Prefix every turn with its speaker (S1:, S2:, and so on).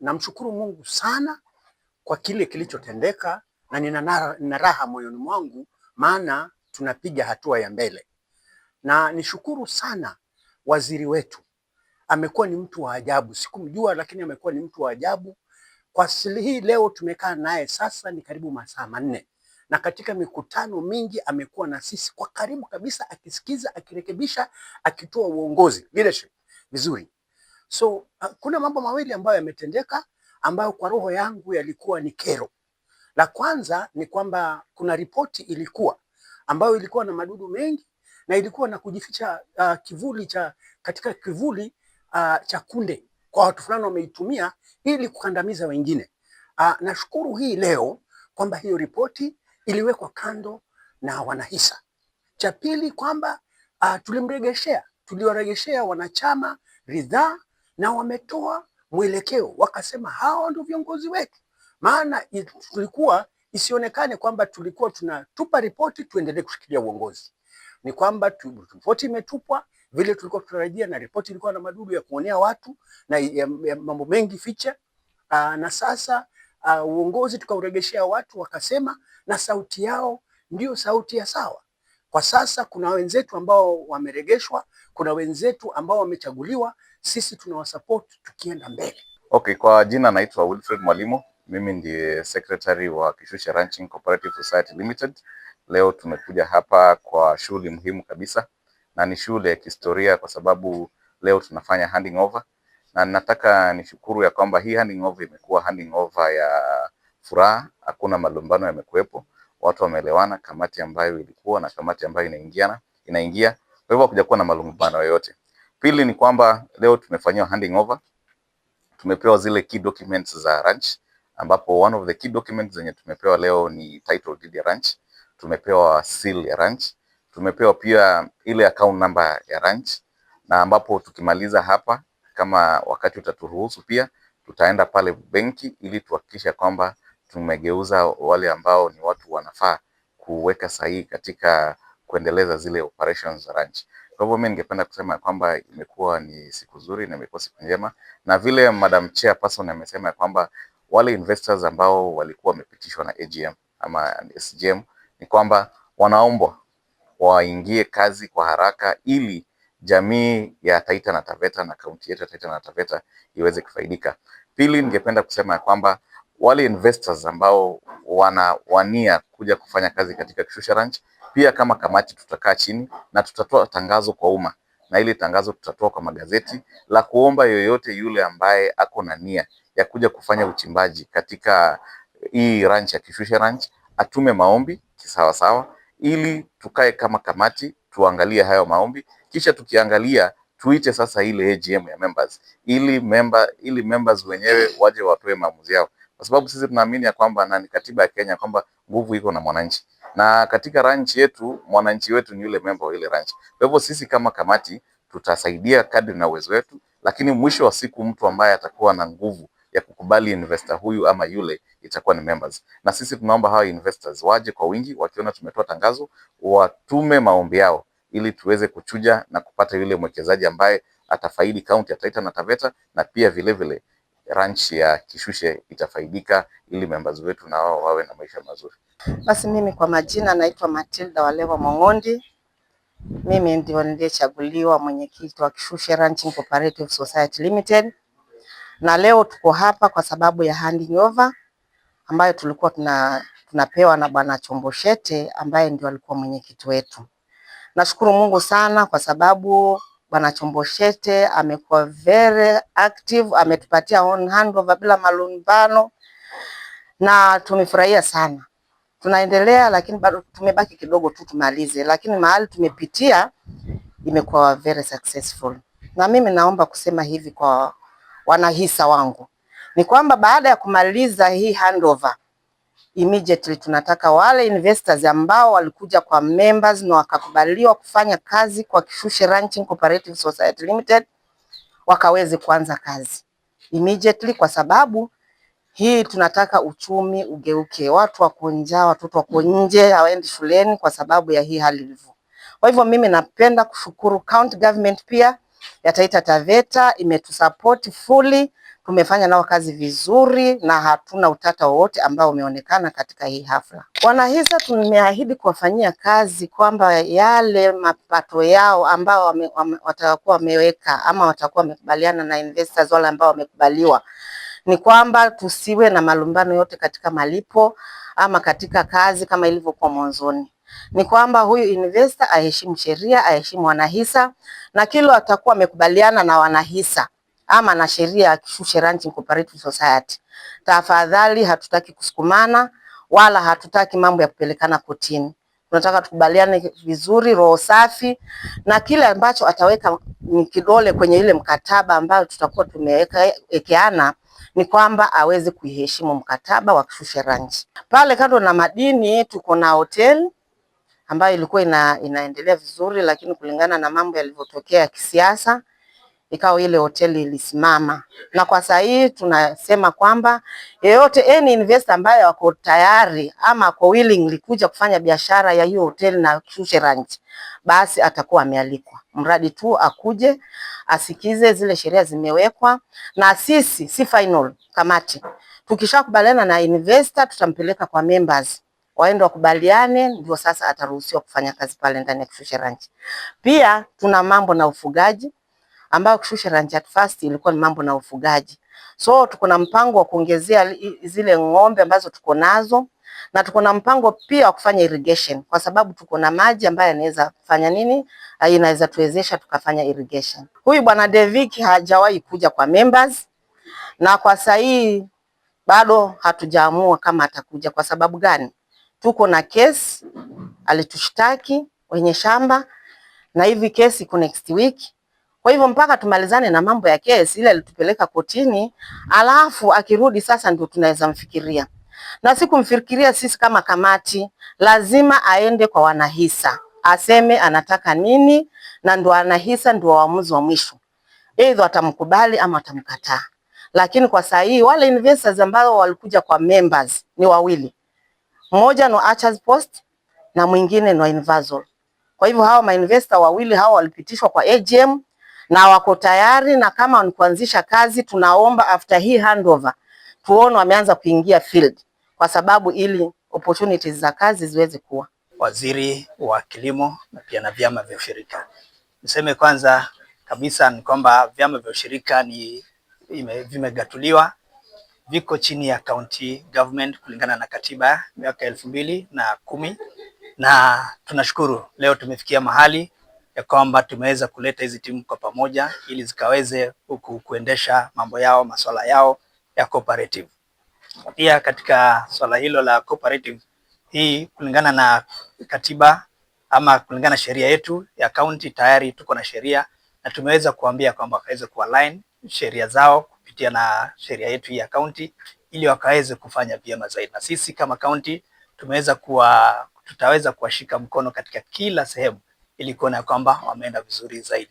S1: Namshukuru Mungu sana kwa kile kilichotendeka na nina raha moyoni mwangu, maana tunapiga hatua ya mbele, na nishukuru sana waziri wetu. Amekuwa ni mtu wa ajabu, sikumjua lakini amekuwa ni mtu wa ajabu. Kwa asili hii leo tumekaa naye sasa ni karibu masaa manne, na katika mikutano mingi amekuwa na sisi kwa karibu kabisa, akisikiza, akirekebisha, akitoa uongozi leadership vizuri. So ah, kuna mambo mawili ambayo yametendeka ambayo kwa roho yangu yalikuwa ni kero. La kwanza ni kwamba kuna ripoti ilikuwa ambayo ilikuwa na madudu mengi na ilikuwa na kujificha uh, kivuli cha katika kivuli uh, cha kunde kwa watu fulani wameitumia ili kukandamiza wengine. Uh, nashukuru hii leo kwamba hiyo ripoti iliwekwa kando na wanahisa. Cha pili kwamba uh, tulimregeshea tuliwaregeshea wanachama ridhaa na wametoa mwelekeo, wakasema hawa ndio viongozi wetu, maana tulikuwa isionekane kwamba tulikuwa tunatupa ripoti tuendelee kushikilia uongozi. Ni kwamba ripoti imetupwa vile tulikuwa tutarajia, na ripoti ilikuwa na madudu ya kuonea watu na ya, ya mambo mengi ficha Aa, na sasa aa, uongozi tukauregeshea watu wakasema, na sauti yao ndio sauti ya sawa. Kwa sasa kuna wenzetu ambao wameregeshwa, kuna wenzetu ambao wamechaguliwa sisi tunawasupport tukienda mbele.
S2: Okay, kwa jina naitwa Wilfred Mwalimu, mimi ndiye secretary wa Kishushe Ranching Cooperative Society Limited. Leo tumekuja hapa kwa shughuli muhimu kabisa na ni shughuli ya kihistoria kwa sababu leo tunafanya handing over, na nataka nishukuru ya kwamba hii handing over imekuwa handing over ya furaha, hakuna malumbano yamekuwepo, watu wameelewana, kamati ambayo ilikuwa na kamati ambayo inaingiana inaingia, kwa hivyo hakuja kuwa na malumbano yoyote. Pili ni kwamba leo tumefanyiwa handing over, tumepewa zile key documents za ranch ambapo one of the key documents zenye tumepewa leo ni title deed ya ranch, tumepewa seal ya ranch, tumepewa pia ile account number ya ranch, na ambapo tukimaliza hapa, kama wakati utaturuhusu, pia tutaenda pale benki ili tuhakikisha kwamba tumegeuza wale ambao ni watu wanafaa kuweka sahihi katika kuendeleza zile operations za ranch. Kwa hivyo mi ningependa kusema kwamba imekuwa ni siku nzuri na imekuwa siku njema na vile Madam Chairperson amesema ya kwamba wale investors ambao walikuwa wamepitishwa na AGM ama SGM ni kwamba wanaombwa waingie kazi kwa haraka ili jamii ya Taita na Taveta na kaunti yetu ya Taita na Taveta iweze kufaidika. Pili, ningependa kusema ya kwamba wale investors ambao wanawania kuja kufanya kazi katika Kishusha Ranch pia kama kamati tutakaa chini na tutatoa tangazo kwa umma, na ile tangazo tutatoa kwa magazeti la kuomba yoyote yule ambaye ako na nia ya kuja kufanya uchimbaji katika hii ranch ya Kishushe Ranch atume maombi kisawasawa, ili tukae kama kamati tuangalie hayo maombi, kisha tukiangalia tuite sasa ile AGM ya members ili member ili members wenyewe waje watoe maamuzi yao, kwa sababu sisi tunaamini ya kwamba na ni katiba ya Kenya kwamba nguvu iko na mwananchi na katika ranchi yetu mwananchi wetu ni yule memba wa ile ranch. Kwa hivyo sisi kama kamati tutasaidia kadri na uwezo wetu, lakini mwisho wa siku mtu ambaye atakuwa na nguvu ya kukubali investor huyu ama yule itakuwa ni members. Na sisi tunaomba hawa investors waje kwa wingi, wakiona tumetoa tangazo watume maombi yao ili tuweze kuchuja na kupata yule mwekezaji ambaye atafaidi kaunti ya Taita na Taveta na pia vilevile ranch ya Kishushe itafaidika ili members wetu na wao wawe na maisha mazuri.
S3: Basi mimi kwa majina naitwa Matilda Walewa Mong'ondi. Mimi ndio niliyechaguliwa mwenyekiti wa Kishushe Ranching Cooperative Society Limited, na leo tuko hapa kwa sababu ya handing over ambayo tulikuwa tuna, tunapewa na Bwana Chomboshete ambaye ndio alikuwa mwenyekiti wetu. Nashukuru Mungu sana kwa sababu Bwana Chomboshete amekuwa very active, ametupatia on handover bila malumbano na tumefurahia sana tunaendelea, lakini bado tumebaki kidogo tu tumalize, lakini mahali tumepitia imekuwa very successful. Na mimi naomba kusema hivi kwa wanahisa wangu ni kwamba baada ya kumaliza hii handover immediately tunataka wale investors ambao walikuja kwa members na wakakubaliwa kufanya kazi kwa Kishushe Ranching Cooperative Society Limited wakaweze kuanza kazi immediately, kwa sababu hii tunataka uchumi ugeuke, watu wako njaa, watoto wako mm. nje, hawaendi shuleni kwa sababu ya hii hali ilivyo. Kwa hivyo mimi napenda kushukuru county government pia ya Taita Taveta imetusupport fully, tumefanya nao kazi vizuri na hatuna utata wowote ambao umeonekana katika hii hafla. Wanahisa tumeahidi kuwafanyia kazi kwamba yale mapato yao ambao watakuwa wameweka ama watakuwa wamekubaliana na investors wale ambao wamekubaliwa ni kwamba tusiwe na malumbano yote katika malipo ama katika kazi kama ilivyokuwa mwanzoni. Ni kwamba huyu investor aheshimu sheria, aheshimu wanahisa na kilo atakuwa amekubaliana na wanahisa ama na sheria ya Shushe Cooperative Society. Tafadhali, hatutaki kusukumana wala hatutaki mambo ya kupelekana kotini. Tunataka tukubaliane vizuri, roho safi, na kile ambacho ataweka kidole kwenye ile mkataba ambayo tutakuwa tumewekeana ni kwamba aweze kuiheshimu mkataba wa kushusha rangi. Pale kando na madini tuko na hoteli ambayo ilikuwa ina, inaendelea vizuri, lakini kulingana na mambo yalivyotokea ya kisiasa ikawa ile hoteli ilisimama, na kwa sasa hii tunasema kwamba yeyote any investor ambaye wako tayari ama kwa willing likuja kufanya biashara ya hiyo hoteli na shushe Ranch, basi atakuwa amealikwa, mradi tu akuje asikize zile sheria zimewekwa. Na sisi si final kamati, tukishakubaliana na investor tutampeleka kwa members waende wakubaliane, ndio sasa ataruhusiwa kufanya kazi pale ndani ya Kishushe Ranch. Pia tuna mambo na ufugaji ambayo kushusha Ranjat Fast ilikuwa ni mambo na ufugaji. So tuko na mpango wa kuongezea zile ng'ombe ambazo tuko nazo na tuko na mpango pia wa kufanya irrigation kwa sababu tuko na maji ambayo yanaweza fanya nini, ah, inaweza tuwezesha tukafanya irrigation. Huyu bwana Devik hajawahi kuja kwa members, na kwa sahihi bado hatujaamua kama atakuja. Kwa sababu gani? Tuko na kesi, alitushtaki wenye shamba na hivi kesi iko next week kwa hivyo mpaka tumalizane na mambo ya kesi ile alitupeleka kotini, alafu akirudi sasa ndio tunaweza mfikiria. Na sikumfikiria sisi kama kamati, lazima aende kwa wanahisa aseme anataka nini, na ndo wanahisa ndio waamuzi wa mwisho, aidha atamkubali ama atamkataa. Lakini kwa saa hii wale investors ambao walikuja kwa members ni wawili, mmoja ni Archers Post na mwingine ni no Kwa hivyo hawa ma investor wawili hawa walipitishwa kwa AGM na wako tayari, na kama ni kuanzisha kazi, tunaomba after hii handover tuone wameanza kuingia field, kwa sababu ili opportunities za kazi ziweze kuwa.
S4: Waziri wa Kilimo na pia na vyama vya ushirika, niseme kwanza kabisa ni kwamba vyama vya ushirika ni vimegatuliwa viko chini ya county government kulingana na katiba miaka elfu mbili na kumi na tunashukuru leo tumefikia mahali ya kwamba tumeweza kuleta hizi timu kwa pamoja ili zikaweze huku kuendesha mambo yao masuala yao ya cooperative. Pia katika swala hilo la cooperative hii, kulingana na katiba ama kulingana na sheria yetu ya kaunti, tayari tuko na sheria na tumeweza kuambia kwamba wakaweze kualign sheria zao kupitia na sheria yetu hii ya kaunti ili wakaweze kufanya vyema zaidi, na sisi kama kaunti tumeweza kuwa tutaweza kuwashika mkono katika kila sehemu ili kuona kwamba wameenda vizuri zaidi.